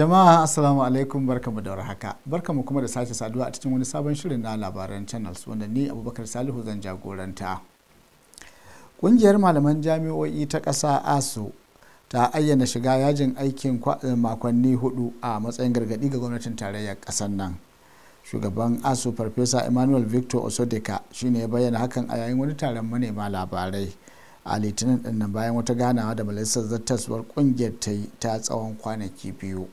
jama'a assalamu alaikum barkamu da warhaka barkamu kuma da sake saduwa a cikin wani sabon shirin na labaran channels wanda ni abubakar salihu zan jagoranta kungiyar malaman jami'o'i ta kasa asu ta ayyana shiga yajin aikin eh, makonni hudu a matsayin gargadi ga gwamnatin tarayyar ƙasar nan shugaban asu farfesa emmanuel victor osodeka shine ya bayyana hakan a yayin wani taron manema labarai a litinin dinnan bayan wata ganawa da majalisar zattaswar kungiyar ta yi ta tsawon kwanaki biyu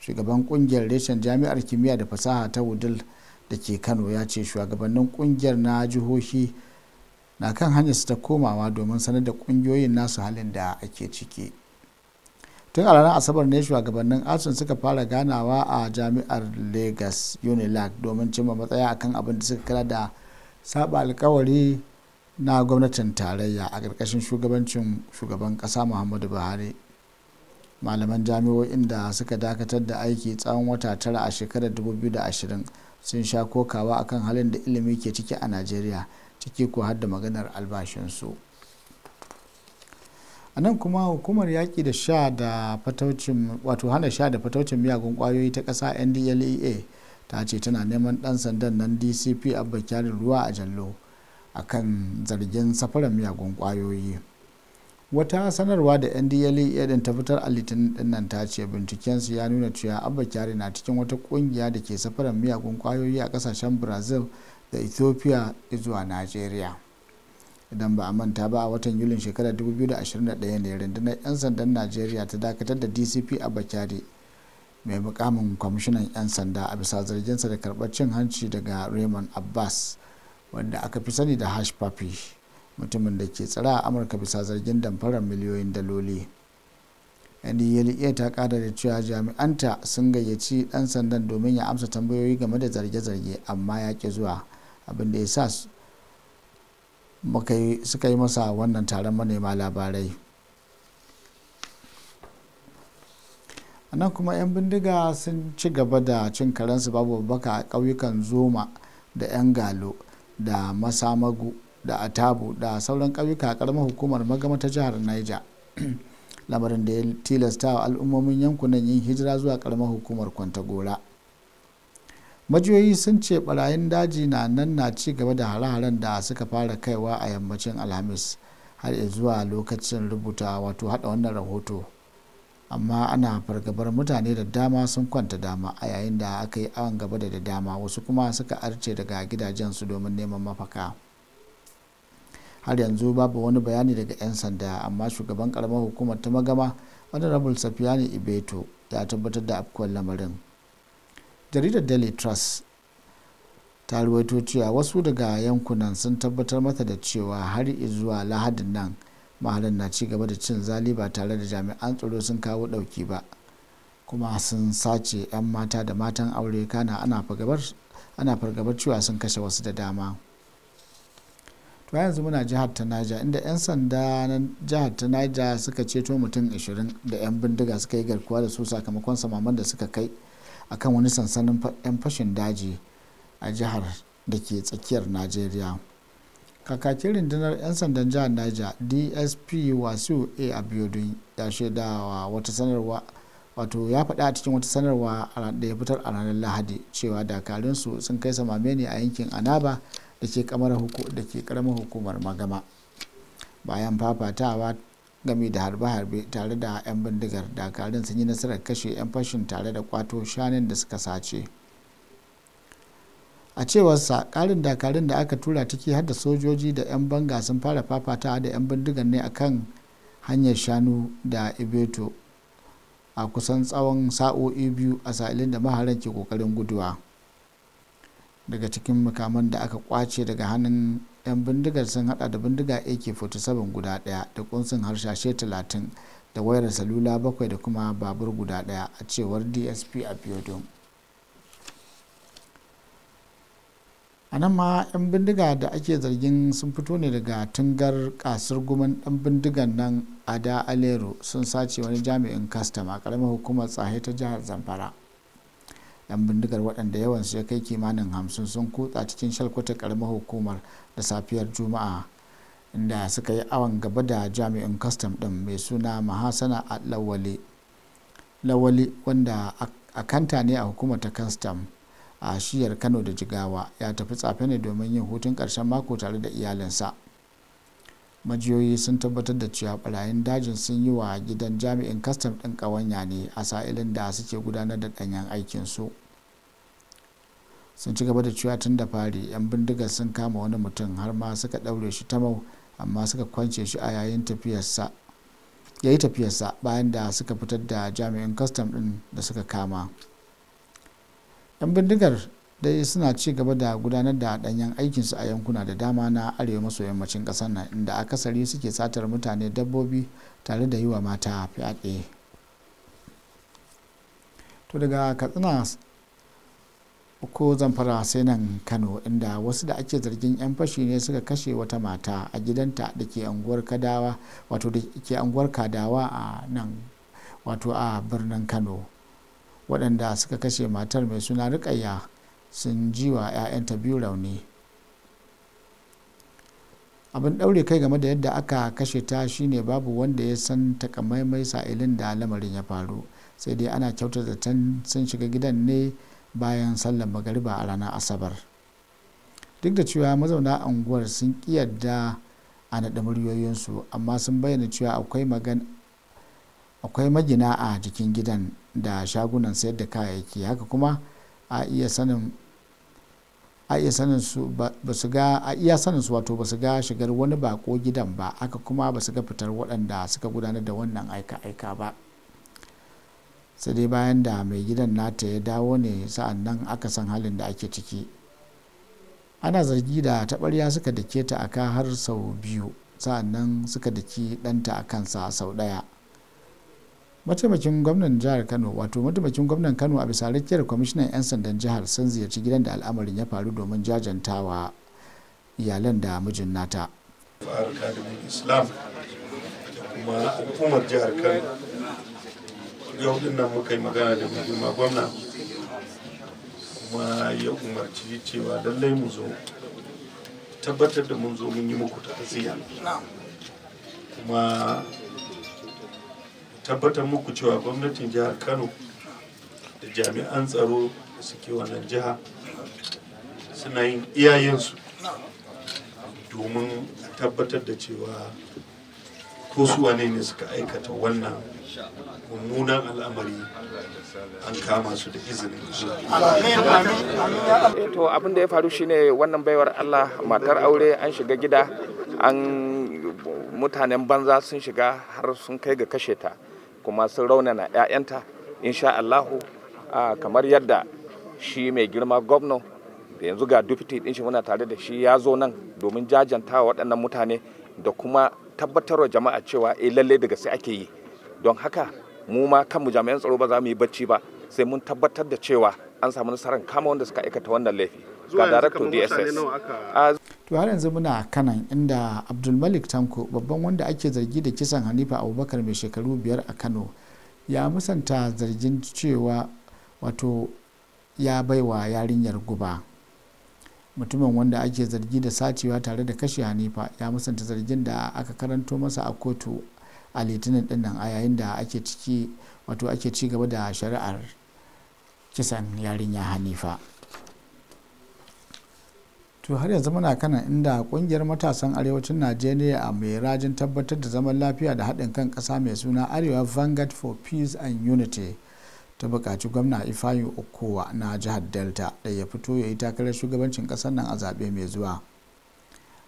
shugaban kungiyar reshen jami'ar kimiyya da fasaha ta wudil da ke kano ya ce shugabannin kungiyar na jihohi na kan hanyar su ta komawa domin sanar da kungiyoyin nasu halin da ake ciki tun a ranar asabar ne shugabannin asun suka fara ganawa a jami'ar lagos unilag domin cimma matsaya akan abin da suka kira da saba alkawari na gwamnatin tarayya a ƙarƙashin shugabancin shugaban ƙasa muhammadu buhari malaman jami'o'in da suka dakatar da aiki tsawon wata tara a shekarar 2020 sun sha kokawa akan halin da ilimi ke ciki a najeriya ciki ko har da maganar albashinsu a nan kuma hukumar yaƙi da sha da fataucin wato hana sha da fataucin miyagun ƙwayoyi ta ƙasa ndlea ta ce tana neman ɗan sandan nan dcp abba kyarin ruwa a jallo akan zargin safaran miyagun ƙwayoyi wata sanarwa da ndla e din ta fitar a litinin din nan ta ce binciken su ya nuna cewa abba kyari na cikin wata kungiya da ke safarar miyagun kwayoyi a kasashen brazil da ethiopia zuwa nigeria idan ba a manta ba a watan yulin shekarar 2021 ne rundunar 'yan sandan nigeria ta dakatar da dcp abba kyari mai mukamin kwamishinan 'yan sanda a bisa zarginsa da karbar cin hanci daga raymond abbas wanda aka fi sani da hash papi mutumin da ke tsara a amurka bisa zargin damfarar miliyoyin daloli ndla ta kada da cewa jami'anta sun gayyaci dan sandan domin ya amsa tambayoyi game da zarge-zarge amma ya ki zuwa abin da ya sa suka yi masa wannan taron manema labarai nan kuma 'yan bindiga sun ci gaba da cin karensu babu baka a ƙauyukan zoma da 'yan galo da masamagu da atabu da sauran ƙauyuka karamar hukumar magama ta jihar niger lamarin da ya tilasta wa al'ummomin yankunan yin hijira zuwa karamar hukumar kwantagora majiyoyi sun ce barayin daji na nan na ci gaba da hare-haren da suka fara kaiwa a yammacin alhamis har zuwa lokacin rubuta wato hada wannan rahoto amma ana fargabar mutane da dama sun kwanta dama a yayin da aka yi awon gaba da dama wasu kuma suka arce daga gidajensu domin neman mafaka. har yanzu babu wani bayani daga 'yan sanda amma shugaban karamar hukumar ta magama honorable safiyani ibeto ya tabbatar da afkuwar lamarin jaridar daily trust ta ruwaito cewa wasu daga yankunan sun tabbatar mata da cewa har zuwa lahadin nan mahalin na ci gaba da cin zali ba tare da jami'an tsaro sun kawo dauki ba kuma sun sace 'yan mata da matan aure kana ana fargabar cewa sun kashe wasu da dama to yanzu muna jihar ta naja inda 'yan sanda na jihar ta naja suka ceto mutum 20 da 'yan bindiga suka yi garkuwa da su sakamakon samaman da suka kai akan wani sansanin 'yan fashin daji a jihar da ke tsakiyar najeriya kakakin rundunar 'yan sandan jihar naja dsp wasu a abiodun ya shaidawa wata sanarwa wato ya faɗa a cikin wata sanarwa da ya fitar a ranar lahadi cewa dakarunsu sun kai samame ne a yankin anaba da ke karamar hukumar magama bayan fafatawa game da harbe-harbe tare da 'yan bindigar dakarun sun yi nasarar kashe 'yan fashin tare da kwato shanun da suka sace a cewarsa karin dakarun da aka tura ciki har da sojoji da 'yan banga sun fara fafatawa da 'yan bindigar ne akan hanyar shanu da ibeto a kusan tsawon sa'o'i biyu a sa'ilin da maharan ke kokarin guduwa daga cikin makaman da aka kwace daga hannun 'yan bindigar sun hada da bindiga ak-47 guda daya da kunsin harshashe 30 da wayar salula bakwai da kuma babur guda daya a cewar dsp a abiodun a nan ma 'yan bindiga da ake zargin sun fito ne daga tungar kasar guman dan bindigan nan ada alero sun sace wani jami'in kastama karamar hukumar tsahe ta jihar zamfara 'yan bindigar waɗanda yawan su ya kai kimanin hamsin sun kutsa cikin shalkwata karamar hukumar da safiyar juma'a inda suka yi awon gaba da jami'in kastam ɗin mai suna mahasana a lawali wanda a kanta ne a hukumar ta kastam a shiyar kano da jigawa ya tafi tsafe ne domin yin hutun karshen mako tare da iyalinsa majiyoyi sun tabbatar da cewa barayin dajin sun yi wa gidan jami'in kastam ɗin ƙawanya ne a sa'ilin da suke gudanar da ɗanyen aikin su sun ci gaba da cewa tun da fari 'yan bindigar sun kama wani mutum har ma suka ɗaure shi tamau amma suka kwance shi a yayin tafiyarsa ya yi tafiyarsa bayan da suka fitar da jami'in kastam ɗin da suka kama 'yan bindigar dai suna ci gaba da gudanar da ɗanyen aikinsu a yankuna da dama na arewa maso yammacin ƙasar nan inda akasari suke satar mutane dabbobi tare da yi wa mata fyaɗe to daga katsina ko zamfara sai nan kano inda wasu da ake zargin 'yan fashi ne suka kashe wata mata a gidanta da ke anguwar kadawa wato da ke anguwar kadawa a nan wato a birnin kano waɗanda suka kashe matar mai suna rikayya sun ji wa 'ya'yanta biyu rauni abin ɗaure kai game da yadda aka kashe ta shine babu wanda ya san takamaimai sa'ilin da lamarin ya faru sai dai ana kyautar da can sun shiga gidan ne bayan sallar magariba a ranar asabar duk da cewa mazauna unguwar sun yarda a naɗa muryoyinsu amma sun bayyana cewa akwai magina a jikin gidan da shagunan sayar da kayayyaki haka kuma a iya sanin su wato ba su ga shigar wani bako gidan ba aka kuma ba su ga fitar waɗanda suka gudanar da wannan aika-aika ba sai dai bayan da mai gidan nata ya dawo ne sa'an nan aka san halin da ake ciki ana zargi da taɓarya suka dake ta aka har sau biyu sa'an nan suka dake ɗanta a kansa sau ɗaya mataimakin gwamnan jihar kano wato mataimakin gwamnan kano a bisa rakiyar kwamishinan 'yan sandan jihar sun ziyarci gidan da al'amarin ya faru domin jajantawa iyalan da mijin nata islam kuma jihar kano yau din nan muka yi magana da mai girma gwamna kuma ya umarci cewa lallai mu zo tabbatar da mun zo mun yi muku ta kuma tabbatar muku cewa gwamnatin jihar kano da jami'an tsaro da suke wannan jiha suna yin iyayensu domin tabbatar da cewa ko su wane ne suka aikata wannan mummunan al'amari an kama su da izinin eh, to abin da ya faru shine wannan baiwar allah matar aure an shiga gida an mutanen banza sun shiga har sun kai ga kashe ta kuma sun raunana 'ya'yanta insha Allahu kamar yadda shi mai girma gwamna da yanzu ga dufiti din shi muna tare da shi ya zo nan domin jajanta wa waɗannan mutane da kuma tabbatarwa jama'a cewa eh lalle daga sai ake yi don haka mu ma kanmu jami'an tsaro ba za mu yi bacci ba sai mun tabbatar da cewa an samu nasarar kama wanda suka aikata wannan laifi ga daraktan dss to har yanzu muna kanan inda abdulmalik tanko babban wanda ake zargi da kisan hanifa abubakar mai shekaru biyar a kano ya musanta zargin cewa wato ya baiwa yarinyar guba mutumin wanda ake zargi da sacewa tare da kashe hanifa ya musanta zargin da aka karanto masa a kotu a litinin dinnan a yayin da ake ciki wato ake ci gaba da shari'ar kisan yarinya hanifa to har yanzu muna kanan inda kungiyar matasan arewacin najeriya a mai rajin tabbatar da zaman lafiya da haɗin kan ƙasa mai suna arewa vanguard for peace and unity ta buƙaci gwamna ifayu okowa na jihar delta da ya fito ya yi takarar shugabancin ƙasar nan a zaɓe mai zuwa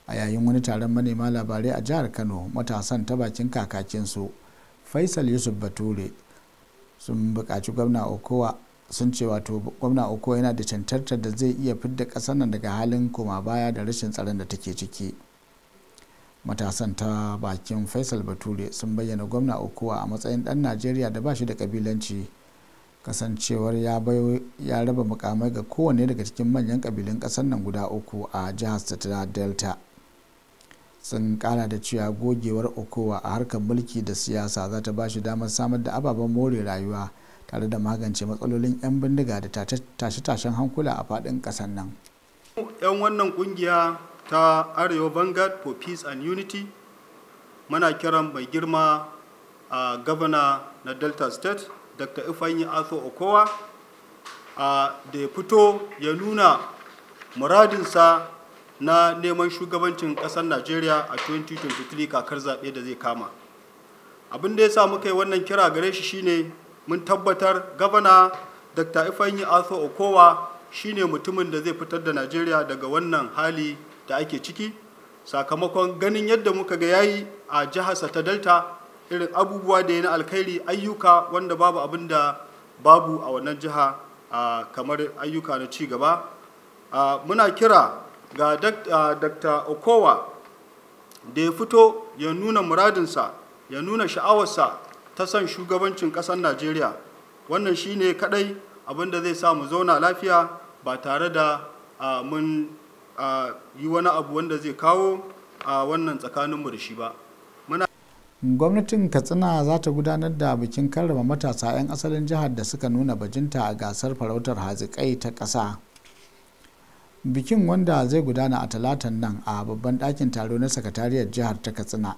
a yayin wani taron manema labarai a jihar kano matasan ta bakin kakakinsu faisal yusuf bature sun buƙaci gwamna okowa sun ce wato gwamna uku yana da cantarta da zai iya fidda ƙasar nan daga halin koma baya da rashin tsaron da take ciki matasan ta bakin faisal bature sun bayyana gwamna uku a matsayin ɗan najeriya da ba shi da kabilanci kasancewar ya raba mukamai ga kowane daga cikin manyan kabilun ƙasar nan guda uku a jihar satira delta sun kara da cewa gogewar okowa a harkar mulki da siyasa za ta ba shi damar samar da ababen more rayuwa tare da magance matsalolin 'yan bindiga da tashe-tashen hankula a faɗin ƙasar nan. 'yan wannan ƙungiya ta arewa vanguard for peace and unity muna kiran mai girma a gabana na delta state dr ifanyi aso okowa da ya fito ya nuna muradinsa na neman shugabancin ƙasar najeriya a 2023 kakar zaɓe da zai kama abin da ya sa muka yi wannan kira gare shi shine mun tabbatar gabana dr ifanyi arthur okowa shine mutumin da zai fitar da najeriya daga wannan hali da ake ciki sakamakon ganin yadda muka ga yayi a jihar ta delta irin abubuwa da ya na alkhairi ayyuka wanda babu abin da babu a wannan jiha kamar ayyuka na cigaba. muna kira ga dr okowa da ya fito ya nuna muradinsa ya nuna sha'awarsa ta son shugabancin ƙasar najeriya wannan shine kadai abin da zai sa mu zauna lafiya ba tare da mun yi wani abu wanda zai kawo a wannan tsakaninmu da shi ba gwamnatin katsina za ta gudanar da bikin karrama matasa 'yan asalin jihar da suka nuna bajinta a gasar farautar hazikai ta ƙasa bikin wanda zai gudana a talatan nan a babban ɗakin taro na sakatariyar jihar ta katsina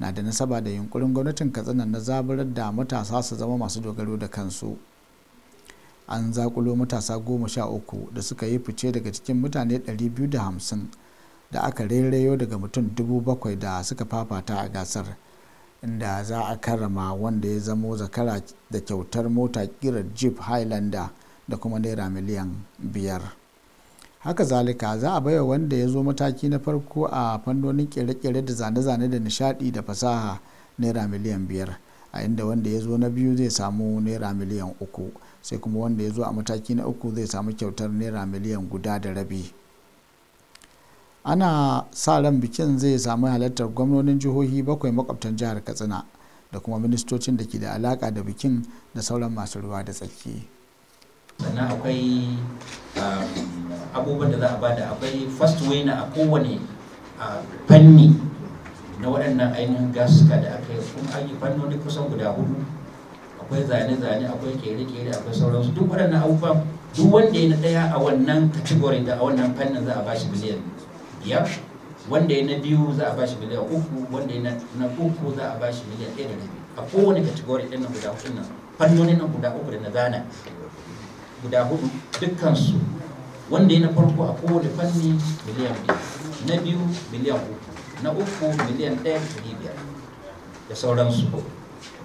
na da nasaba da yunkurin gwamnatin katsina na zaburar da matasa su zama masu dogaro da kansu an zakulo matasa goma sha uku da suka yi fice daga cikin mutane 250 da aka rairayo daga mutum 7,000 da suka fafata a gasar inda za a karrama wanda ya zamo zakara da kyautar mota kirar jeep highlander da kuma naira miliyan biyar. haka zalika za a baiwa wanda ya zo mataki na farko a fannonin kere-kere da zane-zane da nishadi da fasaha naira miliyan biyar a inda wanda ya zo na biyu zai samu naira miliyan uku sai kuma wanda ya zo a mataki na uku zai samu kyautar naira miliyan guda da rabi ana sa ran bikin zai samu halartar gwamnonin jihohi bakwai makwabtan jihar katsina da kuma ministocin da ke da alaka da bikin da sauran masu ruwa da tsaki abubuwan da za a bada akwai first way na a kowane fanni na waɗannan ainihin gasuka da aka yi kuma ake fannoni kusan guda hudu akwai zane-zane akwai kere-kere akwai sauransu duk waɗannan abubuwan duk wanda ya na ɗaya a wannan category da a wannan fannin za a ba shi biliyan biyar wanda ya na biyu za a ba shi miliyan uku wanda ya na uku za a ba shi miliyan ɗaya da rabi a kowane category ɗin nan guda hudu nan fannoni nan guda uku da na zana guda hudu dukkansu wanda ya na farko a kowane fanni miliyan biyu na biyu miliyan uku na uku miliyan ɗaya da ɗari biyar da sauransu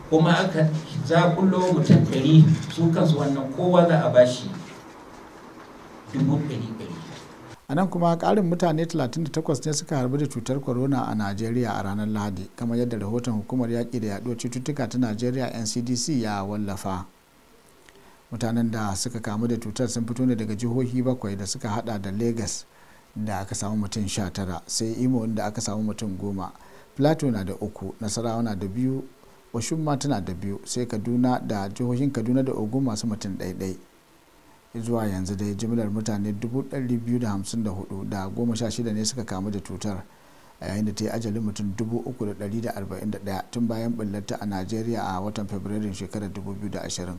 kuma aka zaƙulo mutum ɗari su kansu wannan kowa za a ba shi dubu ɗari ɗari a nan kuma ƙarin mutane 38 ne suka harbi da cutar corona a najeriya a ranar lahadi kamar yadda rahoton hukumar yaƙi da yaɗuwar cututtuka ta najeriya ncdc ya wallafa mutanen da suka kamu da cutar sun fito ne daga jihohi bakwai da suka hada da lagos da aka samu mutum tara sai imo da aka samu mutum goma plateau na da uku nasarawa na da biyu oshun tana da biyu sai kaduna da jihohin kaduna da ogun masu mutum ɗaiɗai zuwa yanzu dai jimlar mutane da shida ne suka kamu da cutar a yayin da ta yi ajalin mutum 341 tun bayan ɓullarta a najeriya a watan fabrairun shekarar 2020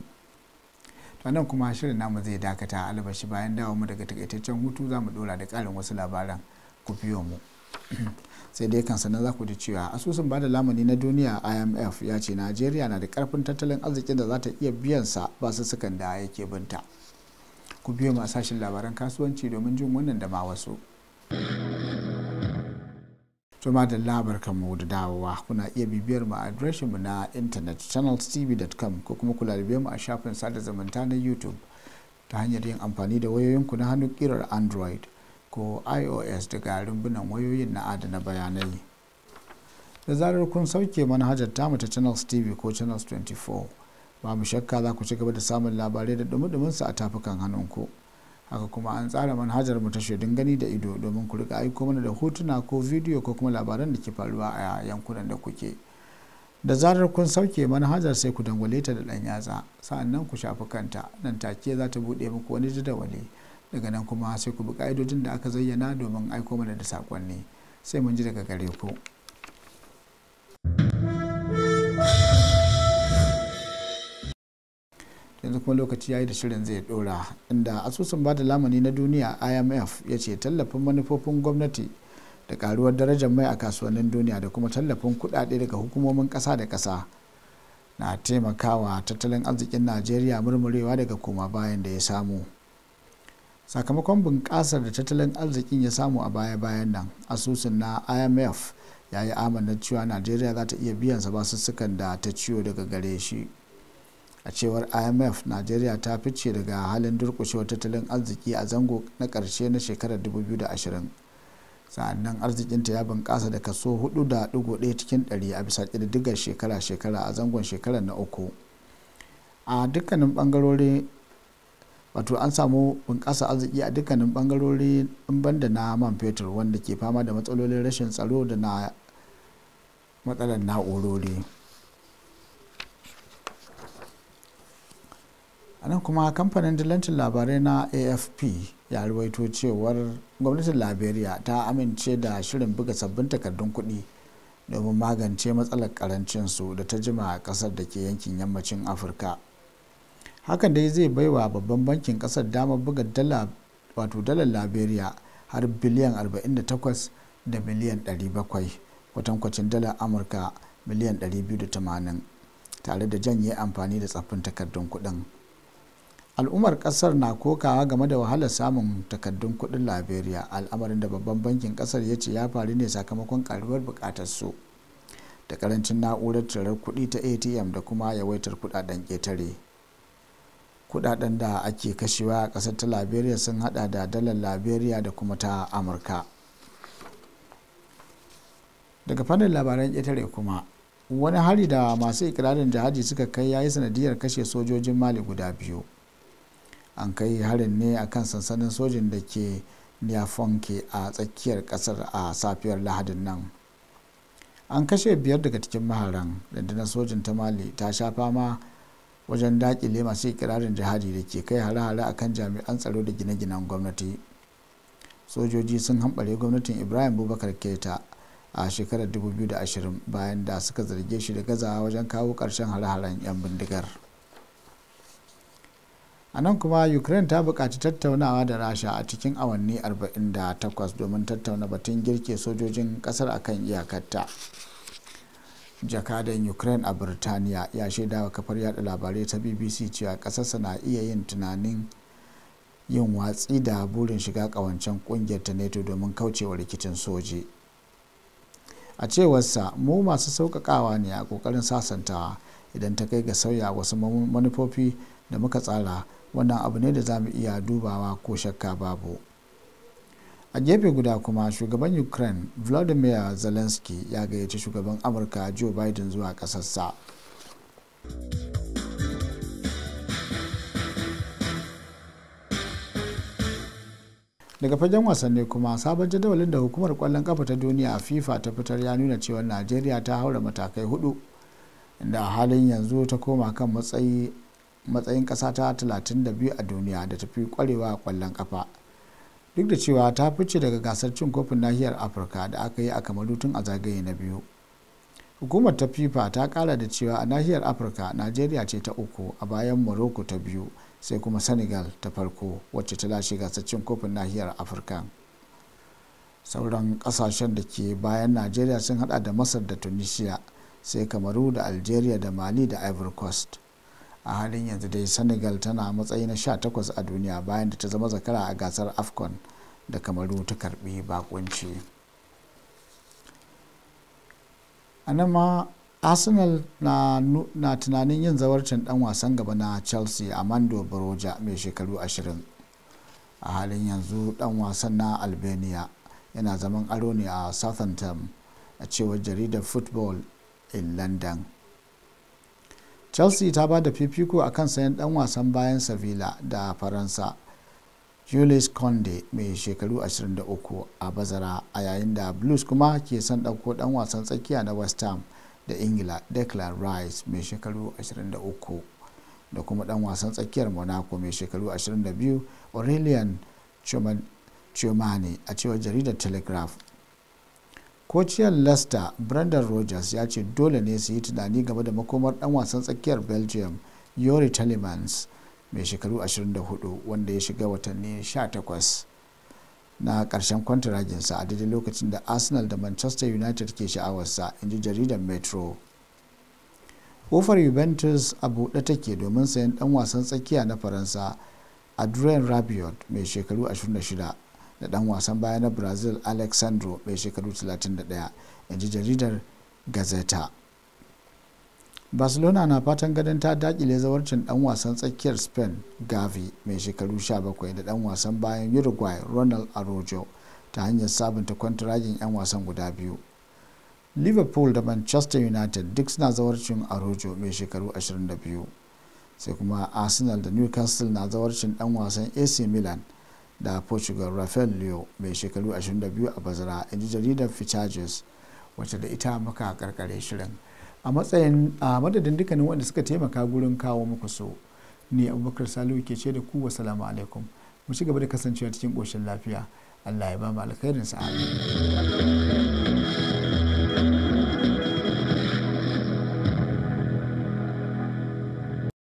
a nan kuma shirin namu zai dakata a albashi bayan dawo mu daga takaitaccen hutu za mu dora da ƙarin wasu labaran ku biyo mu sai dai kan sannan za ku ji cewa asusun bada lamuni na duniya imf ya ce najeriya na da karfin tattalin arzikin da za ta iya biyan sa ba su sukan da yake binta ku biyo mu a sashen labaran kasuwanci domin jin wannan da ma wasu to ma da labar mu da dawowa kuna iya bibiyar mu a mu na intanet channelstv.com ko kuma kula da mu a shafin sada zamanta na youtube ta hanyar yin amfani da wayoyinku na hannu kirar android ko ios daga rumbunan wayoyin na adana bayanai da zarar kun sauke manhajar tamu ta channels tv ko channels 24 ba mu shakka za ku ci gaba da samun labarai da dumi-duminsu a tafukan hannunku. ku haka kuma an tsara manhajar mu ta shaidun gani da ido domin ku rika aiko mana da hotuna ko bidiyo ko kuma labaran da ke faruwa a yankunan da kuke da zarar kun sauke manhajar sai ku dangwale ta da dan yatsa sa'annan ku shafi kanta nan take za ta buɗe muku wani jadawali daga nan kuma sai ku bi ka'idodin da aka zayyana domin aiko mana da saƙonni sai mun ji daga gare ku. yanzu kuma lokaci ya yi da shirin zai dora inda asusun bada lamani na duniya imf ya ce tallafin manufofin gwamnati da karuwar darajar mai a kasuwannin duniya da kuma tallafin kudade daga hukumomin kasa da kasa na taimakawa tattalin arzikin najeriya murmurewa daga koma bayan da ya samu sakamakon bunƙasar da tattalin arzikin ya samu a baya-bayan nan asusun na imf ya yi amanar cewa najeriya za ta iya biyan sa basussukan da ta ciwo daga gare shi a cewar imf najeriya ta fice daga halin durkushewar tattalin arziki a zango na karshe na shekarar 2020 sa'annan arzikinta ya bunkasa da kaso 4.1 cikin 100 a bisa ƙididdigar shekara-shekara a zangon shekarar na uku a dukkanin bangarori wato an samu bunkasa arziki a dukkanin bangarori in da na man fetur wanda ke fama da matsalolin rashin tsaro da na matsalar na'urori. a nan kuma kamfanin dillancin labarai na afp ya ruwaito cewar gwamnatin liberia ta amince da shirin buga sabbin takardun kuɗi domin magance matsalar karancin su da ta jima a kasar da ke yankin yammacin afirka hakan dai zai baiwa babban bankin kasar dama buga dala wato dalar liberia har biliyan 48 da miliyan 700 kwatankwacin dalar amurka miliyan 280 tare da janye amfani da tsaffin takardun kuɗin. al'ummar kasar na kokawa game da wahalar samun takaddun kudin liberia al'amarin da babban bankin kasar ya ce ya faru ne sakamakon karuwar bukatar su da karancin na'urar tarar kudi ta atm da kuma yawaitar kudaden ketare kudaden da ake kashewa a kasar ta liberia sun hada da dalar liberia da kuma ta amurka daga fannin labaran ƙetare kuma wani hari da masu ikirarin jihadi suka kai ya yi sanadiyar kashe sojojin mali guda biyu an kai harin ne a kan sansanin sojin da ke niafonke a tsakiyar kasar a safiyar lahadin nan an kashe biyar daga cikin maharan rundunar sojin ta mali ta sha fama wajen dakile masu ikirarin jihadi da ke kai hare-hare a kan jami'an tsaro da gine-ginen gwamnati sojoji sun hambare gwamnatin ibrahim bubakar keta a shekarar 2020 bayan da suka zarge shi da gazawa wajen kawo ƙarshen hare-haren 'yan bindigar. a nan kuma ukraine ta bukaci tattaunawa da rasha a cikin awanni 48 domin tattauna batun girke sojojin ƙasar akan iyakarta jakadan ukraine a birtaniya ya shaida wa kafar yada labarai ta bbc cewa ƙasarsa na iya yin tunanin yin watsi da burin shiga ƙawancen kungiyar ta neto domin kaucewa rikicin soji a cewarsa mu masu sauƙaƙawa ne a ƙoƙarin sasantawa idan ta kai ga sauya wasu manufofi da muka tsara wannan abu ne da za mu iya dubawa ko shakka babu a gefe guda kuma shugaban ukraine vladimir zelensky ya gayyaci shugaban amurka joe biden zuwa kasarsa. daga fagen wasanni kuma sabon jadawalin da hukumar kwallon kafa ta duniya a fifa ta fitar ya nuna cewa najeriya ta haura matakai hudu da halin yanzu ta koma kan matsayi matsayin ƙasa ta 32 a duniya da ta fi kwarewa a ƙwallon ƙafa duk da cewa ta fice daga gasar cin kofin nahiyar afirka da aka yi a kamaru tun a zagaye na biyu hukumar ta fifa ta kara da cewa a nahiyar afirka najeriya ce ta uku a bayan morocco ta biyu sai kuma senegal ta farko wacce ta lashe gasar cin kofin nahiyar afirka sauran kasashen da ke bayan najeriya sun hada da masar da tunisia sai kamaru da algeria da mali da ivory coast a halin yanzu dai senegal tana matsayi na 18 a duniya bayan da ta zama zakara a gasar afcon da kamaru ta karbi bakunci a nan ma arsenal na, tunanin yin zawarcin dan wasan gaba na chelsea amando baroja mai shekaru 20 a halin yanzu dan wasan na albania yana zaman aro ne a southampton a cewar jaridar football in london chelsea ta ba da fifiko a kan sayan dan wasan bayan sevilla da faransa julius conde mai shekaru 23 a bazara a yayin da blues kuma ke son dauko dan wasan tsakiya na west ham da ingila declan rice mai shekaru 23 da kuma dan wasan tsakiyar monaco mai shekaru 22 aurelian chomani a cewar jaridar telegraph kociyar leicester brendan rogers ya ce dole ne su yi tunani game da makomar dan wasan tsakiyar belgium yori Talimans, mai shekaru 24 wanda ya shiga watanni 18 na karshen kwantaraginsa a daidai lokacin da arsenal da manchester united ke sha'awarsa in ji jaridar metro kofar juventus a buɗe take domin sayan ɗan wasan tsakiya na faransa adrien rabiot mai shekaru 26 da dan wasan baya na brazil alexandro mai shekaru 31 inji jaridar gazeta barcelona na fatan gadon ta dakile zawarcin dan wasan tsakiyar spain gavi mai shekaru 17 da dan wasan bayan uruguay ronald arojo ta hanyar sabunta kwantiragin 'yan wasan guda biyu liverpool da manchester united duk suna zawarcin arojo mai shekaru 22 sai kuma arsenal da newcastle na zawarcin dan wasan ac milan da portugal rafael leo mai shekaru 22 a bazara in ji jaridar fichages wacce da ita muka karkare shirin a matsayin a madadin dukkanin wanda suka taimaka gurin kawo muku so ne abubakar salihu ke ce da ku wasalamu alaikum mu ci gaba da kasancewa cikin koshin lafiya allah ya ba mu alkhairin sa'a